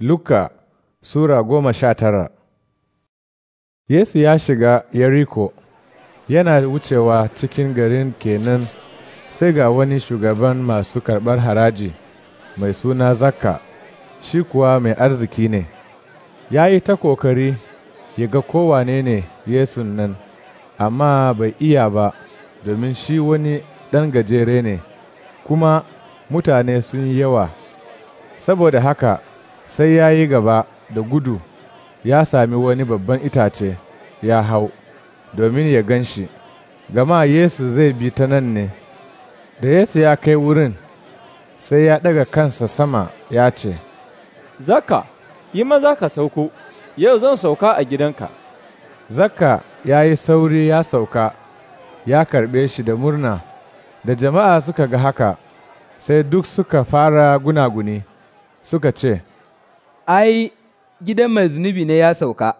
Luka Sura goma sha tara Yesu ya shiga yariko, yana wucewa cikin garin kenan sai ga wani shugaban masu karɓar haraji mai suna Zakka, shi kuwa mai arziki ne. Ya yi ta kokari ya ga kowane ne Yesun nan, amma bai iya ba domin shi wani ɗan gajere ne, kuma mutane sun yi yawa. Saboda haka, sai ya yi gaba da gudu ya sami wani babban itace ya hau domin ya gan shi, gama Yesu zai bi ta nan ne. Da Yesu ya kai wurin, sai ya ɗaga kansa sama ya ce, Zaka, yi maza ka sauko, yau zan sauka a gidanka. Zaka ya yi sauri ya sauka, ya karɓe shi da murna, da jama'a suka ga haka, sai duk suka fara gunaguni, suka ce, ai, gidan mai zunubi ne ya sauka.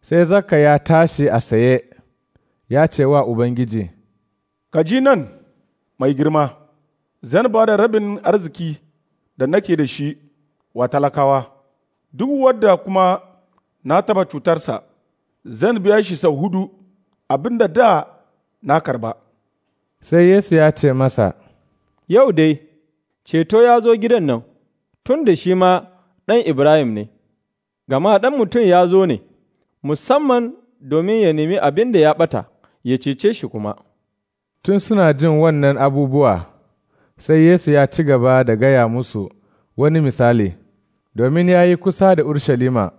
Sai zaka ya tashi a saye, ya ce wa Ubangiji, Ka ji nan, mai girma, zan ba da rabin arziki da nake da shi wa talakawa, duk wadda kuma na taba cutarsa, zan biya shi sau hudu abin da da na karba. Sai Yesu ya ce masa, Yau dai, ceto ya zo gidan nan, tun da shi ma ɗan Ibrahim ne, gama ɗan mutum ya zo ne, musamman domin ya nemi abin da ya ɓata, ya cece shi kuma. Tun suna jin wannan abubuwa, sai Yesu ya ci gaba da gaya musu wani misali, domin ya yi kusa da Urshalima,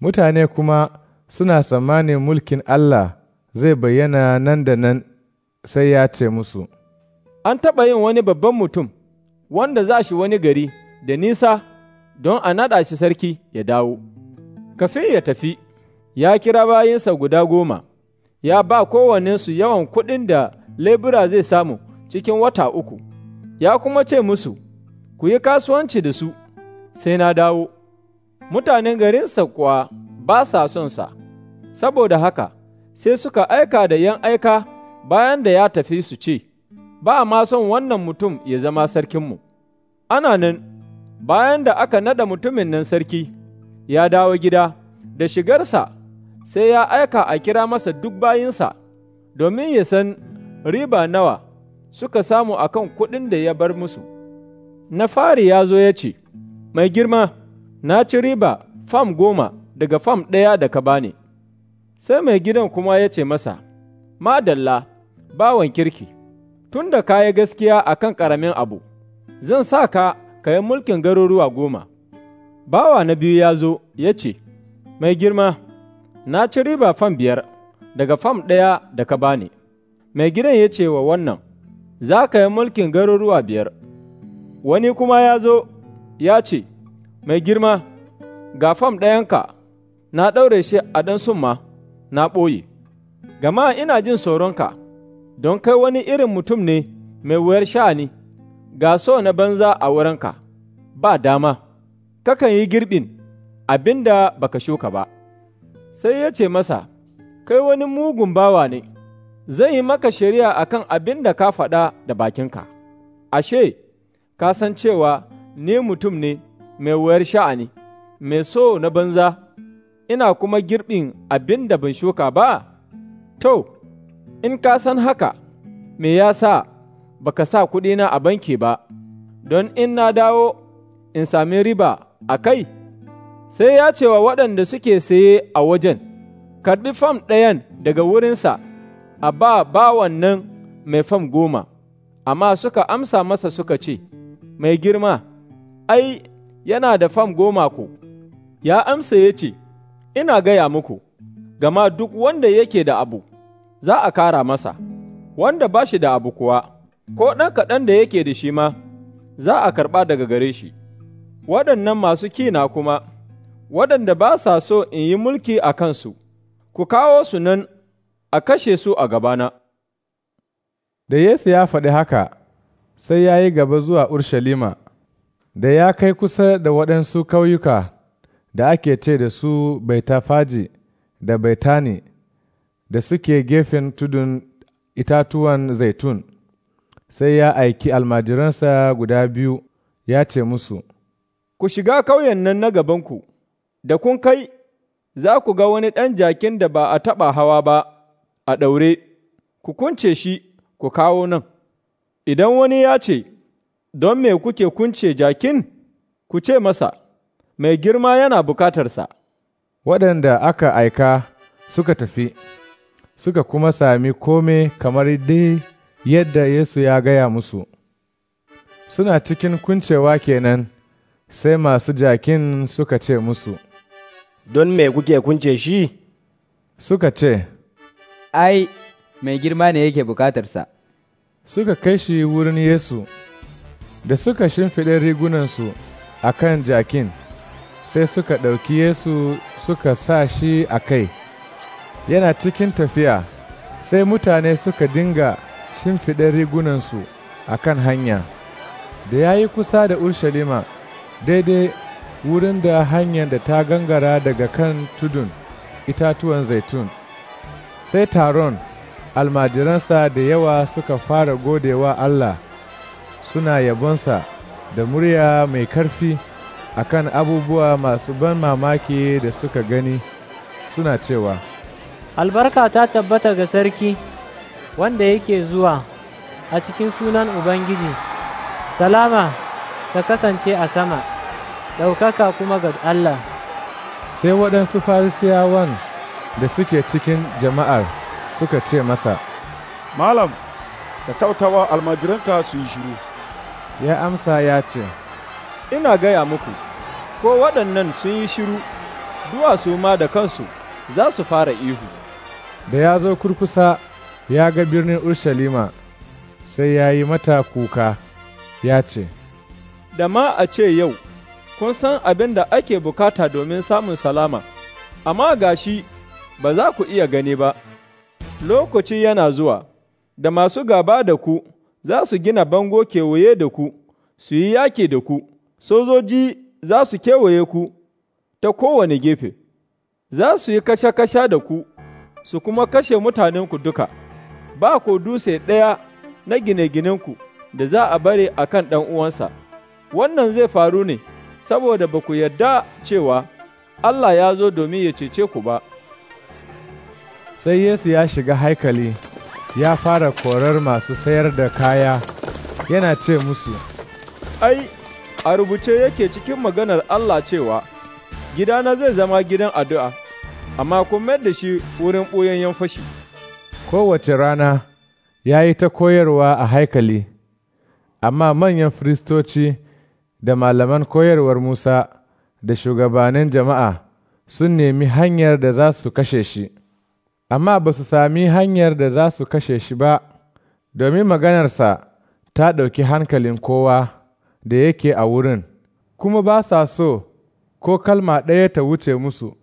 mutane kuma suna tsammanin mulkin Allah zai bayyana nan da nan sai ya ce musu. An taɓa yin wani babban mutum, wanda za shi wani gari da nisa don a naɗa shi sarki ya dawo. Kafin ya tafi, ya kira bayinsa guda goma, ya ba kowanninsu yawan kuɗin da lebura zai samu cikin wata uku, ya kuma ce musu, Ku yi kasuwanci da su, sai na dawo. Mutanen garinsa kuwa ba sa son sa, saboda haka sai suka aika da ’yan aika bayan da ya tafi su ce, Ba ma son wannan mutum ya zama sarkinmu. Ana nan bayan da aka nada mutumin nan sarki, ya dawo gida, da shigarsa sai ya aika a kira masa duk bayinsa, domin ya san riba nawa suka samu a kan kuɗin da ya bar musu. Na fari ya zo ya ce, Mai girma, na ci riba fam goma daga fam ɗaya da ka bani. Sai mai gidan kuma ya ce masa, Madalla, bawan kirki, tun da ka yi gaskiya a kan ƙaramin abu, zan sa ka ka yi mulkin garuruwa goma. Bawa na biyu ya zo ya ce, Mai girma, na ci riba fam biyar daga fam ɗaya da ka bani. Mai gidan ya ce wa wannan, Za ka yi mulkin garuruwa biyar. Wani kuma ya zo ya ce, Mai girma, ga fam ɗayanka, na ɗaure shi a ɗan summa, na ɓoye. Gama ina jin tsoronka, don kai wani irin mutum ne mai wuyar sha'ani. ga so na banza a wurinka, ba dama, kakan yi girbin abinda da baka shuka ba. Sai ya ce masa, Kai wani mugun bawa ne, zai yi maka shari'a a kan abin da ka faɗa da bakinka. Ashe, ka san cewa ni mutum ne mai wayar sha'ani, mai so na banza, ina kuma girbin abin da ban shuka ba? To, in ka san haka, me ya sa ba ka sa kuɗina a banki ba, don in na dawo in sami riba a kai, sai ya ce wa waɗanda suke saye a wajen, karɓi fam ɗayan daga wurinsa, a ba bawan nan mai fam goma, amma suka amsa masa suka ce, Mai girma, ai, yana da fam goma ko, ya amsa ya ce, Ina gaya muku, gama duk wanda yake da abu, za a kara masa, wanda ba shi da abu kuwa. ko ɗan kaɗan da yake da shi ma, za a karɓa daga gare shi, waɗannan masu kina kuma, waɗanda ba sa so in yi mulki a kansu, ku kawo su nan a kashe su a gabana. Da Yesu ya faɗi haka, sai ya yi gaba zuwa Urshalima, da ya kai kusa da waɗansu ƙauyuka da ake ce da su Baitafaji da Baitani, da suke gefen tudun itatuwan zaitun. sai ya aiki almajiransa guda biyu ya ce musu, Ku shiga ƙauyen nan na gabanku, da kun kai, za ku ga wani ɗan jakin da ba a taɓa hawa ba a ɗaure, ku kunce shi ku kawo nan. Idan wani ya ce, Don me kuke kunce jakin, ku ce masa, Mai girma yana bukatarsa. Waɗanda aka aika suka tafi, suka kuma sami kome kamar dai yadda Yesu ya gaya musu. Suna cikin kuncewa kenan sai masu jakin suka ce musu, Don me kuke kunce shi? Suka ce, Ai, mai girma ne yake bukatarsa. Suka kai shi wurin Yesu, da suka shimfiɗe rigunansu a kan jakin, sai suka ɗauki Yesu suka sa shi a kai. Yana cikin tafiya, sai mutane suka dinga shin shimfiɗa rigunansu a kan hanya da ya yi kusa da urshalima daidai wurin da hanyar da ta gangara daga kan tudun itatuwan zaitun sai taron almajiransa da yawa suka fara godewa allah suna yabonsa da murya mai karfi akan abubuwa masu ban mamaki da suka gani suna cewa albarka ta tabbata ga sarki wanda yake zuwa a cikin sunan Ubangiji, salama ta kasance a sama, ɗaukaka kuma ga Allah. Sai waɗansu farisiyawan da suke cikin jama'ar suka ce masa, Malam, ka sautawa almajiranka su yi shiru. Ya amsa ya ce, Ina gaya muku, ko waɗannan sun yi shiru, duwatsu ma da kansu za su fara ihu. Da ya zo kurkusa ya ga birnin Urshalima sai ya yi mata kuka ya ce, Da ma a ce yau, kun san abin da ake bukata domin samun salama, amma gashi ba za ku iya gani ba, lokaci yana zuwa, da masu gaba da ku za su gina bango kewaye da ku, su yi yaki da ku, sojoji za su kewaye ku ta kowane gefe, za su yi kasha-kasha da ku, su kuma kashe mutanenku duka. ba ko dutse ɗaya na gine-ginenku da za a bare a kan uwansa, wannan zai faru ne saboda ba ku yarda cewa Allah ya zo domin ya cece ku ba. Sai Yesu ya shiga haikali ya fara korar masu sayar da kaya yana ce musu, Ai, a rubuce yake cikin maganar Allah cewa, Gidana zai zama gidan addu'a, amma kuma mayar da shi wurin ɓoyayyen fashi. Kowace rana ya yi ta koyarwa a haikali, amma manyan firistoci da malaman koyarwar Musa da shugabanin jama'a sun nemi hanyar da za su kashe shi, amma ba su sami hanyar da za su kashe shi ba, domin maganarsa ta ɗauki hankalin kowa da yake a wurin, kuma ba sa so ko kalma ɗaya ta wuce musu.